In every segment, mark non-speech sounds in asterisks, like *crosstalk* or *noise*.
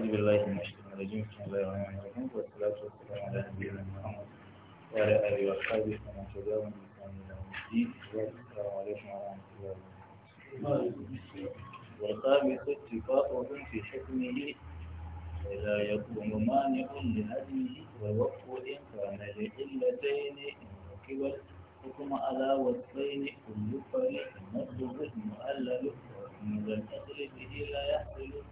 أعوذ بالله من الشيطان الرجيم بسم الله الرحمن الرحيم والصلاة والسلام على نبينا محمد وعلى آله وأصحابه ومن تبعهم بإحسان إلى يوم الدين والسلام عليكم ورحمة الله وبركاته والخامس اتفاقهم في حكمه لا يكون مانع لهدمه ووقف إن كان لعلتين إن حكم على وصفين كل فريق نقض مؤلل وإن لم به لا يحصل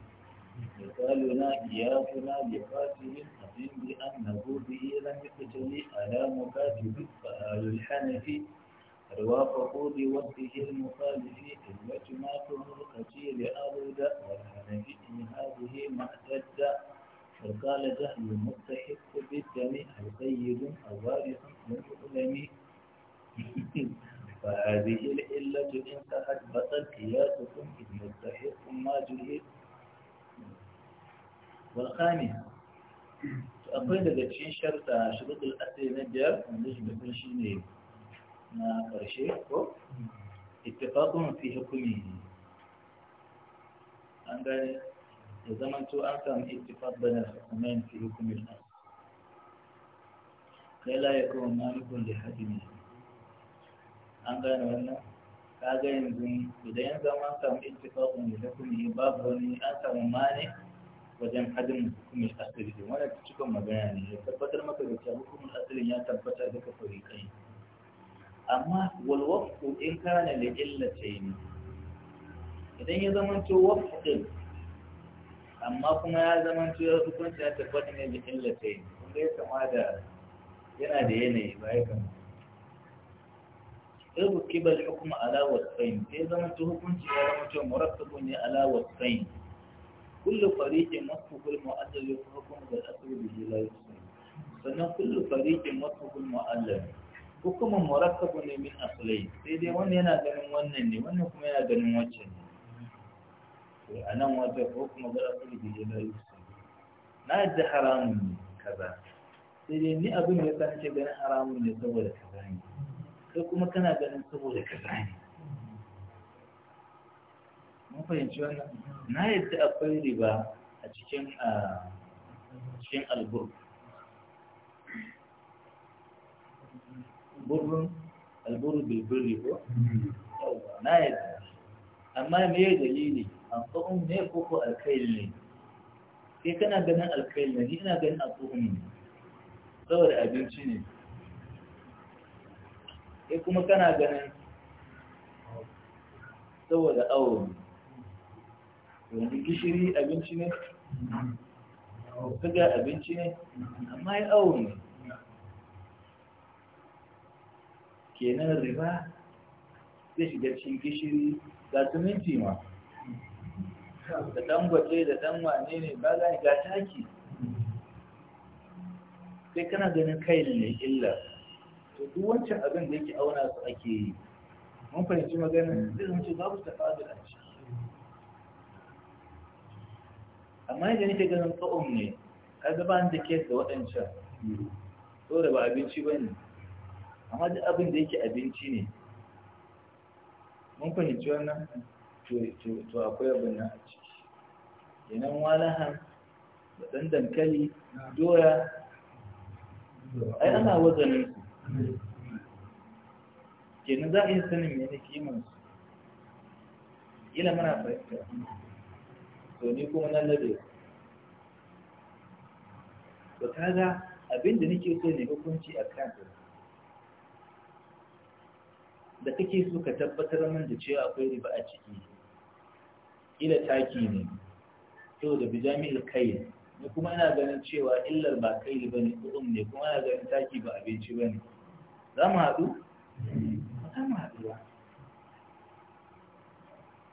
يقال لنا إياكنا لقاتل أظن بأنه به لم يقتل على مكاتب فآل الحنفي روى فقود وقته المخالف المجمع قتيل أرد والحنفي هذه معتدة اعتد وقال جهل المستحق بالدم هل سيد أو وارث لم يعلم فهذه العلة تحت بطل قياسكم إذ مستحق ما جهل والخامس أقول إذا تشين شرط شروط الأصل نجر نجم بكل شيء نيل ما قرشي اتفاق في حكمه عند زمن تو أنتم اتفاق بين الحكمين في حكم الأصل لا يكون مالك لحكمه عند ولا هذا ينزل بدين زمن تم اتفاق بين حكمه باب هني أنتم مالك wajen hadin hukumin asiri da wani cikin magana ne ya tabbatar maka da cewa hukumin asirin ya tabbata duka kai amma wal waqfu in kana li illatayn idan ya zama to waqfu din amma kuma ya zama to ya hukunta ya tabbata ne li illatayn kun ga kama da yana da yanayi ba ya kama irbu kibal hukuma ala wasfain sai zama to hukunci ya zama to murakkabun ne ala wasfain kullu fariqin masfuhul mu'allal fa hukmu da asulu bihi la yusmi sannan kullu fariqin masfuhul mu'allal hukumun murakkabu ne min asalai sai dai wannan yana ganin wannan ne wannan kuma yana ganin wancan ne a nan wata hukumun da asulu bihi la na yadda haramun kaza sai dai ni abin da ya kasance ganin haramun ne saboda kaza ne kai kuma kana ganin saboda kaza ne mun fahimci wannan na yadda akwai riba a cikin cikin albur burrun alburu bilbirri ko na yadda amma me dalili an tsohon ne ko ko alkail ne kai kana ganin alkayil ne ni ina ganin alkohun ne saboda abinci ne kai kuma kana ganin saboda awo yanzu gishiri abinci ne suga abinci ne amma ya awo ne kenan riba zai shiga cikin gishiri ga siminti ma da ɗan gwaje da ɗan wane ne ba za ga taki sai kana ganin kai ne illa to wancan abin da yake auna su ake yi mun fahimci magana zai zama ce babu tafadar a ciki amma yadda nake ganin tsohon ne ka ba da kesa da waɗancan so da ba abinci ba ne amma duk abin da yake abinci ne mun fahimci wannan to akwai abin na a ciki yanan walahan da ɗan dankali doya ai ana wazanin su kenan za a iya sanin mene kimansu ila mana fahimta to ni kuma na labe to kaga abinda nake so ne hukunci a kan da kake so ka tabbatar min da cewa akwai riba a ciki ila taki ne to da bijamil kai ni kuma ina ganin cewa illar ba kai ne ko ne kuma ina ganin taki ba abinci bane za mu haɗu ba za mu haɗu ba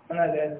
ana gani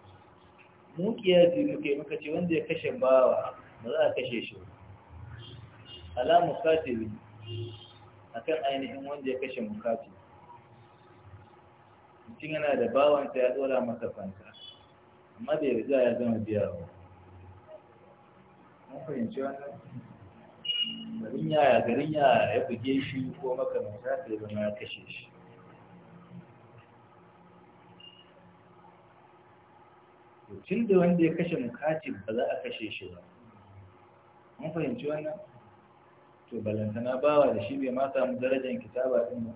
mu kiyasi muka yi muka ce wanda ya kashe bawa ba za a kashe shi ala a akan ainihin wanda ya kashe mukatili mutum yana da bawansa ya dora masa fanta amma da riga ya zama biya ba mun fahimci wannan garin yaya garin yaya ya buge shi ko maka makamanta sai zama ya kashe shi tun da wanda ya kashe mukatib ba za a kashe shi ba mun fahimci wannan to balantana bawa da shi bai ma samu darajar kitaba din ba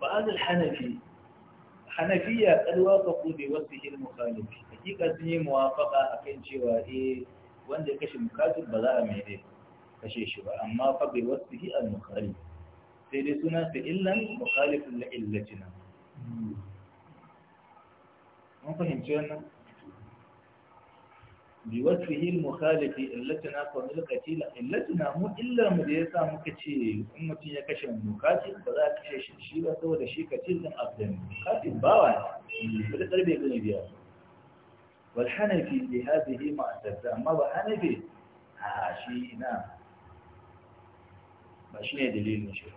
Ba a al-hanafi hanafiya qad ka bi wasu al-mukhalif hakika sun yi muwafaqa akan cewa eh wanda ya kashe mukatib ba za a mai dai kashe shi ba amma fa wasu wasfihi al-mukhalif sai dai suna sa illan mukhalifun li illatina فهمت أنا بوجهه المخالف التي نقوم بالقتيل التي نعم إلا مديسة مكتشي أمتي يكشف المكاتب فلا كشف الشيء وسوى الشيء كتير من أقدم مكاتب باوع بلد ربي يقول لي بيها والحنفي لهذه ما أستفزع ما هو حنفي عاشي آه، نعم ما شنو دليل نشوف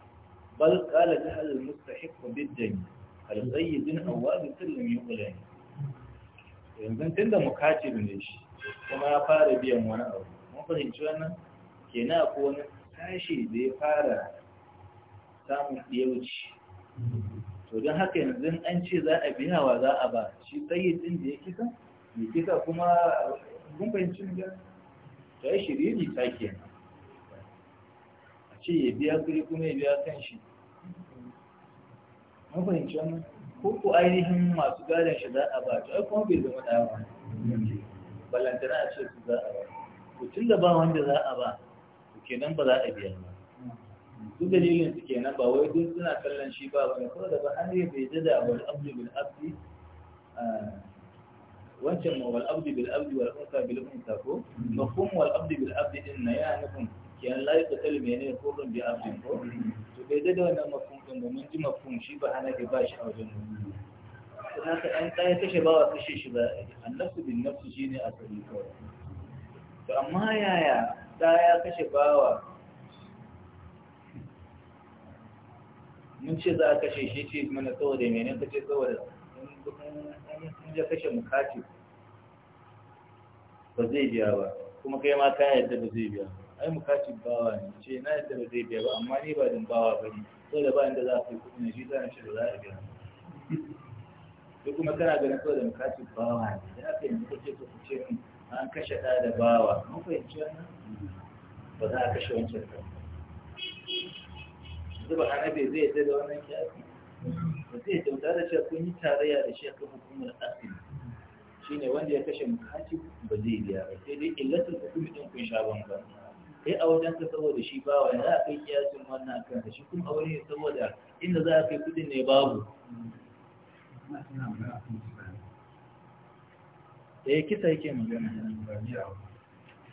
بل قال جهل المستحق بالدين الغيب بن عواد سلم يغلين yanzu tun da mukatib ne shi kuma ya fara biyan wani abu mun fahimci wannan kenan akwai wani sashi da ya fara samun ɗiyauci to don haka yanzu an ce za a biya wa za a ba shi tsayi ɗin da ya kisa ya kisa kuma mun fahimci ga ta yi shiriri ta ke a ce ya biya kuri kuma ya biya kan shi mun fahimci wannan ko ko ainihin masu gadon shi za a ba to ai kuma bai zama ɗaya ba ballantana a ce su za a ba to tun da ba wanda za a ba to kenan ba za a biya ba Duk dalilin su kenan ba wai duk suna kallon shi ba bane ko da ba an yi bai jada wal abdu bil abdi wancan wal abdu bil abdi wal unsa bil unsa ko mafhum wal abdu bil abdi din na ya nufin kenan la yaqtalu ne ko bi abdin ko bai da wannan mafhum ɗin ba mun ji mafhum shi ba hanafi ba shi a wajen mu haka an tsaye kashe ba wa kashe shi ba a annasu bin nafsu shi ne a tsari kawai to amma yaya ya kashe bawa mun ce za a kashe shi ce mana saboda mene ka ce saboda in ya kashe mukati ba zai biya ba kuma kai ma ka yadda ba zai biya ba ai mukacin bawa ne ce na yadda ba zai biya ba amma ni ba din bawa ba ne da ba inda za ka yi kuɗi na shi za a shi da za a biya ba. kuma kana ganin saboda mukacin bawa ne da aka yi kake ce ku ce min an kashe ɗa da bawa mun fahimci wannan ba za a kashe wancan ba yanzu ba annabi zai yadda da wannan kiyasi ba zai yadda da cewa kun yi tarayya da shi kan hukumar asiri shine wanda ya kashe mukacin ba zai biya ba sai dai illatul hukumi din kun sha ba kai a ka saboda shi ba wa, za a kai kiyasin wannan da shi kuma aure ne saboda inda za a kai kudin ne babu da eh, ya kisa yake magana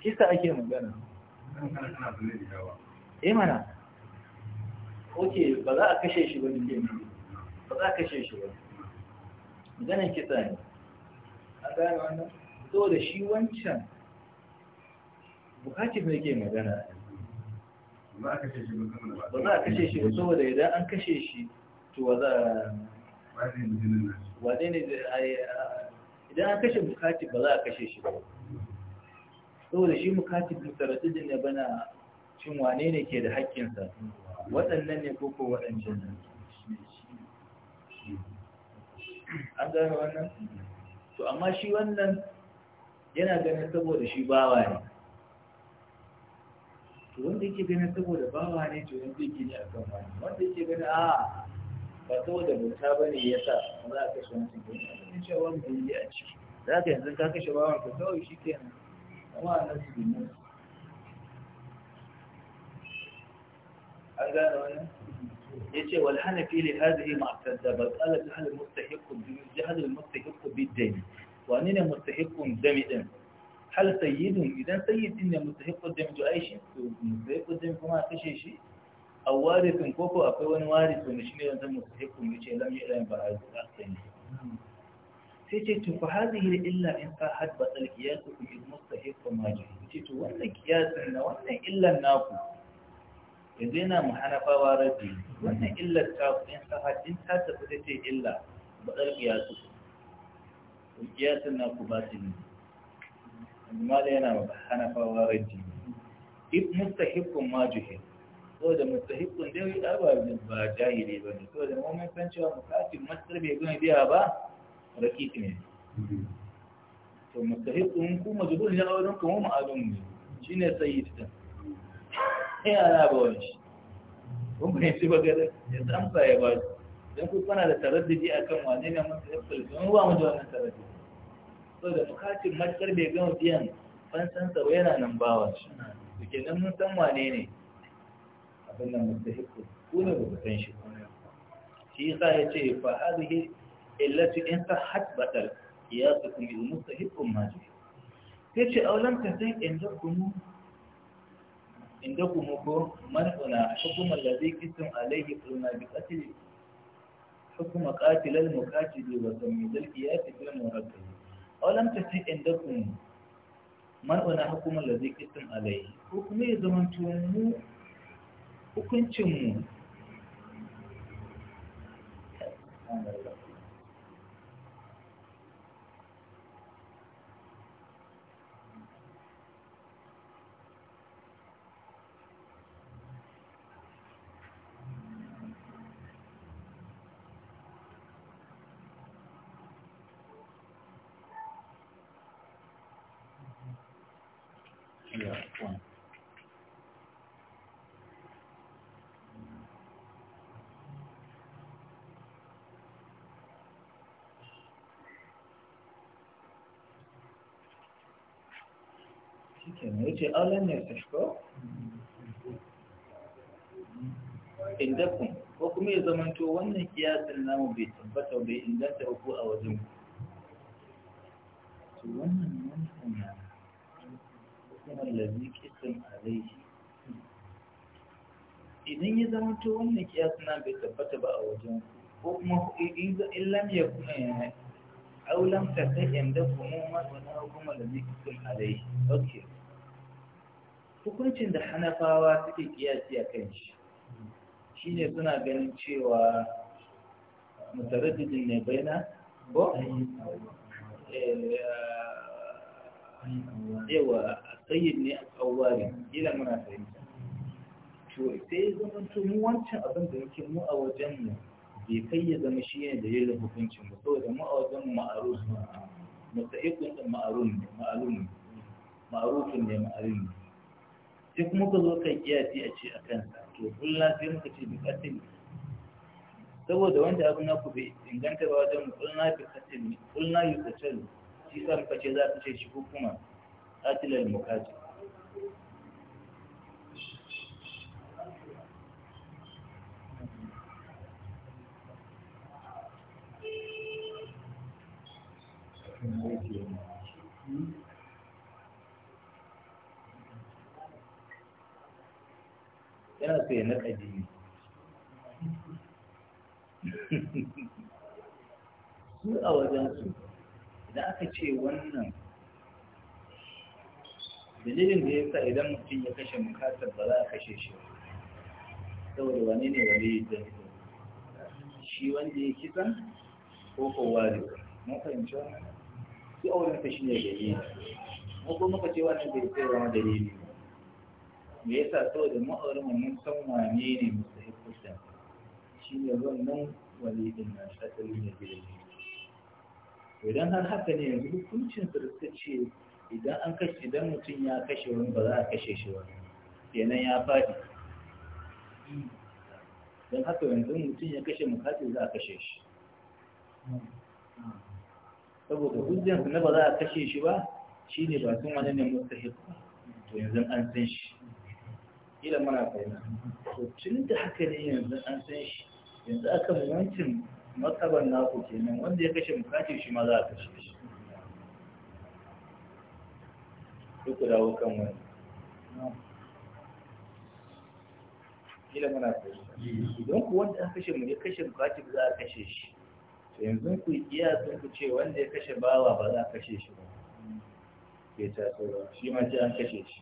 kisa ake magana E, mana ok ba za a kashe shi ba ne ba za a kashe shi ba maganin kisa ne a gane wannan saboda shi wancan bukaci ne ke magana ba za a kashe shi ba saboda idan an kashe shi to wa za a ne idan an kashe bukaci ba za a kashe shi ba saboda shi bukatif mutarajijin ne bana cin wane ne ke da haƙƙinsa waɗannan ne koko waɗancan nan an gano wannan to amma shi wannan yana ganin saboda shi bawa ne to wanda yake ganin saboda bawa ne to yanzu yake ne akan wani wanda yake ganin a ba saboda bauta ba ne ya sa za a kashe wani cikin wani cewa mu yi a ciki za ka yanzu ka kashe bawan ka kawai shi ke nan amma a nan su bi an gane wannan ya ce wal hanafi li hadhihi ma'tadda bal qala jahl mustahiq bi jahl mustahiq bi dami wa ne mustahiqun dami din hal sayyidun idan sayyid din ne mustahiqu dam to ai shi to mustahiqu dam kuma kashe shi aw warithun ko akwai wani shi ne shine yanzu mai ne ce lam ya'lam ba ai da sani sai ce to fa hadhihi illa in ka had batal qiyasu bi mustahiqu ma ji ce to wannan qiyasin na wannan illan naku yanzu yana muhanafawa rabbi wannan illar ta in ka had in ta tafi ta ce illa batal qiyasu qiyasin naku ba su ne mala yana hanafawa rajji duk mustahikun ma juhil so da mustahibbun dai da ba ba jahili ba ne so da momin san cewa mukatib masar bai gani biya ba rakit ne to mustahikun ku majbul ya auren kuma mu ma'adun ne shine sayyid ta ya ala ba wani kun bai shi ba gada ya samsa ba ya ba dan ku kana da a akan wane ne mustahikun ba mu da wannan taraddudi so da bukatun matsar bai gama biyan san ba yana nan bawa shi ke nan mun san wane ne abin nan hiku ko ne ba san shi shi yasa ce fa hadhihi illatu in su kuma yi bil hiku ma ji yace aulan ka san inda kuma inda kuma ko man'una hukumar da zai kisan alaihi kulma bi qatl hukuma katilal al wa wa sammi ya fi bil murakkab aulam ta fi inda kun mar'una hukumar da zai kistin alai ko kuma ya zama mu hukuncinmu Yeah. ya ko kuma ya zamanto wannan kiyasin namu bai tabbata bai inganta uku a wajen allazi kisan alaihi idan ya zama to wannan kiyas na bai tabbata ba a wajen ko kuma in lam ya kuma ya aw lam tatayyan yanda kuma ma wani hukuma da zai kisan alaihi ok hukuncin da hanafawa suke kiyasi a kan shi shine suna ganin cewa mutaraddidin ne baina ko yawa sayyid ne a tsawari ila muna fahimta to sai zama to mu wancan abin da yake mu a wajen mu bai kai ya zama shi ne da yalla hukuncin ba saboda mu a wajen mu ma'aruf musta'ikun din ma'arun ne ma'arun ma'arufin ne ma'arun ne sai kuma ka zo kai kiyasi a ce akan kansa to kullum sai muka ce bi katil saboda wanda abin na ku bai inganta ba wajen mu kullum bi katil kullum yi katil shi sa muka ce za ta ce shi hukuma قاتل المقاتل yana so ya naɗa jini *laughs* su a wajensu idan aka ce wannan dalilin da ya sa idan mutum ya kashe mukatar ba za a kashe shi ba. saboda wane ne wani da shi wanda ya kisa ko kowa ne mun fahimci wannan sai auren ka shine dalili mu ko muka ce wannan bai sai zama dalili me yasa saboda mu auren mu mun san wane ne mustahiqul shi ne wannan wani din na asalin ne dalili idan har haka ne yanzu hukuncin da suka ce idan an kashe idan mutum ya kashe wani ba za a kashe shi wani kenan ya faɗi don haka yanzu mutum ya kashe mukatil za a kashe shi saboda hujjansa na ba za a kashe shi ba shi ne ba sun wani ne mustahil to yanzu an san shi ila mara kaina to tun da haka ne yanzu an san shi yanzu aka wancan matsaban naku kenan wanda ya kashe mukati shi ma za a kashe shi duk dawo kan wani kila muna fahimta idan ku wanda aka kashe mu ya kashe bukati ba za a kashe shi to yanzu ku iya sun ku ce wanda ya kashe bawa ba za a kashe shi ba bai ta tsoro shi ma ce an kashe shi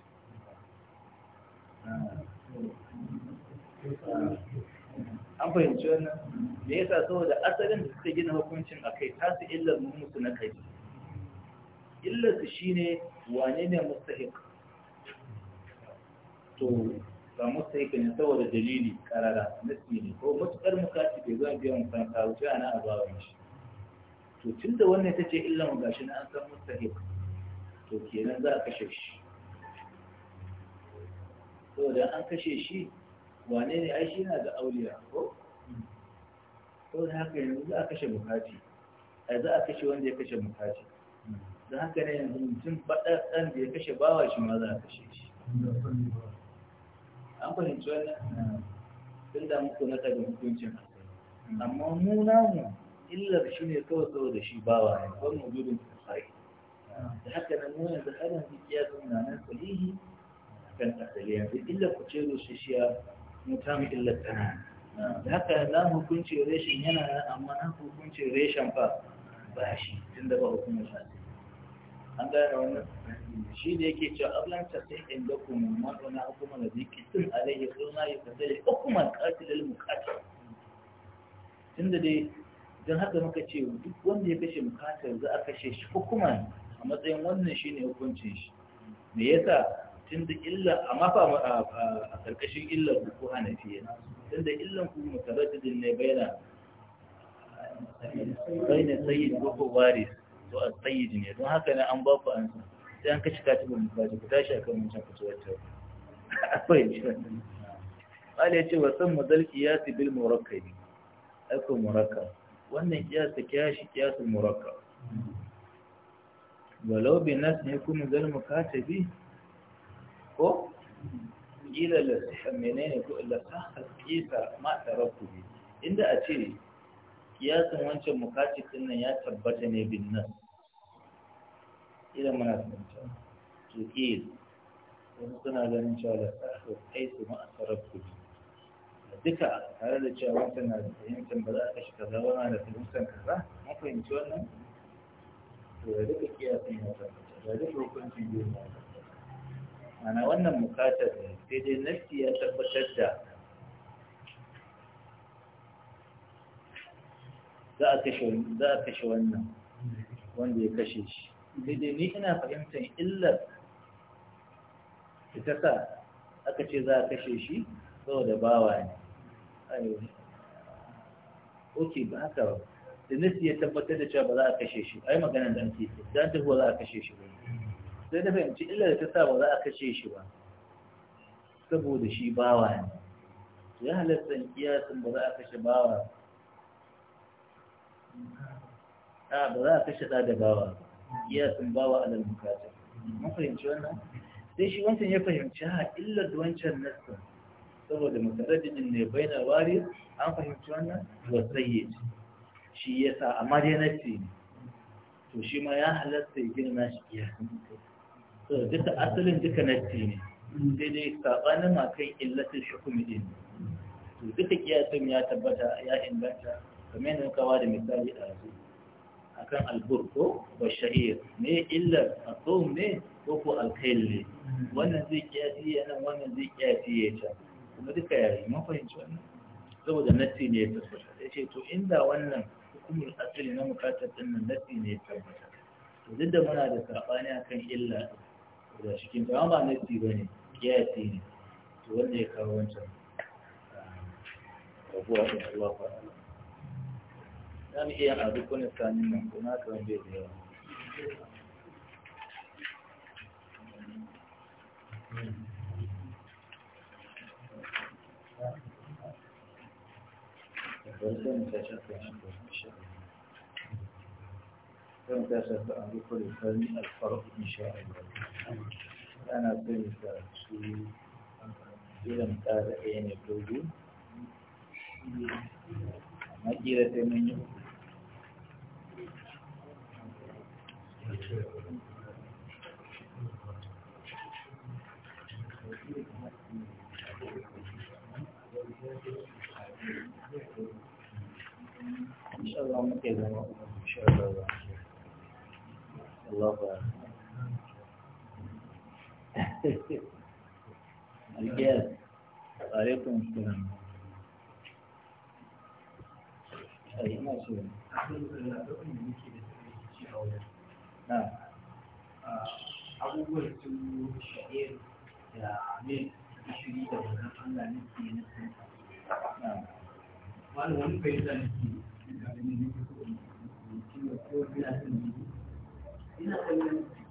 an fahimci wannan me yasa saboda asalin da suka gina hukuncin a kai su illar mu musu na kai illar su shine wane ne mustahik to ba mustahik ne saboda dalili karara nasi ne ko matukar mukati bai zo biyan san ka wuce ana azawa shi to tunda wannan ta ce illan gashi na an san mustahik to kenan za a kashe shi saboda an kashe shi wane ne ai shi na ga auliya ko saboda haka yanzu za a kashe mukati? ai za a kashe wanda ya kashe mukati. da haka ne yanzu mutum faɗaɗɗan da ya kashe bawa shi ma za a kashe shi an fahimci wannan tun da muku na tabi hukuncin amma mu namu illar shi ne kawai shi bawa ne da haka nan mu yanzu har yanzu kiyasin na nan sahihi kan asali yanzu illar ku ce shi ya mutu mu illar tana da haka na hukuncin reshen yana amma na hukuncin reshen fa ba shi tun da ba shi an gane wannan shi ne yake cewa ablanta sai in da kuma wannan hukuma da ziki tun alaihi sunna ya fadai hukuman qatilul tun da dai don haka muka ce duk wanda ya kashe mukatar za a kashe shi hukuman a matsayin wannan shine hukuncin shi me yasa tun da illa amma fa a karkashin illar ku ko tun da illan ku mutaraddidin ne bayyana bayyana sayyid ko waris to a tsayi ne don haka ne an ba ku an sai an kashi katibin ba ku tashi akan wancan fitowar ta akwai ala ya ce wa san mazal kiyasi bil ne akwai murakka wannan kiyasa kiyashi kiyasin murakka walau bin nas ne kuma zal bi ko kila lasa menene ko lasa kisa ma tarafu inda a ce kiyasin wancan mukaci din nan ya tabbata ne bin nas إلى مناسبة إن شاء الله الإيد ونصنع هذا إن شاء الله أخذ حيث ما أصرفت به الدكاء هذا اللي شاوانت أن أنت بدأ أشكر هذا وأنا في المسلم كذا ما في إن شاء الله وذلك كياتي ما تفضل وذلك ركن في دون ما تفضل أنا وأنا مكاتب في دي نفسي أتفضل شجع ذا أتشو ذا أتشو أنه وأنا يكشيش daidai ne ina fahimtar illar ita sa aka ce za a kashe shi saboda bawa ne ok ba haka ba da nasi ya tabbatar da cewa ba za a kashe shi ai magana da ake da ta huwa za a kashe shi ba sai da fahimci illar da ta sa ba za a kashe shi ba saboda shi bawa ne ya halatta kiyasin ba za a kashe bawa a ba za a kashe da bawa ba ya bawa alal bukatar mun fahimci wannan sai shi wancan ya fahimci ha illar da wancan nasta saboda mutaraddidin ne bai na wari an fahimci wannan wasayye ce shi ya sa amma dai nasti ne to shi ma ya halatta ya gina nashi iya so duka asalin duka nasti ne sai dai sabanin makai illatin shukumi din to duka kiyasin ya tabbata ya inganta kamar yadda kawa da misali a yanzu akan albur ko bashair ne illar asawun ne ko ko alkail ne wannan zai kiyasi ya nan wannan zai kiyasi ya can kuma duka yare mun fahimci wannan saboda nassi ne ya tabbata ya ce to inda wannan hukumar asali na mukatar din nan nassi ne ya tabbata to duk da muna da sabani akan illa da cikin da ba nassi bane kiyasi ne to wanda ya kawo wancan ah, rabuwa da Allah fa'ala zan iya a dukkanin sanin nan kuma kan bai da yawa zan ta shafa a dukkanin sanin alfarku insha Allah ana sani da su irin ƙada ɗaya ne dogo amma ƙira ta Algiyar, alaikun salam. da na Ah, abubuwan su sha'ir da amin gishiri da wannan allah ne ke na sun wani wani bai da ne ke da ne ne ko ne ko ne ina kallon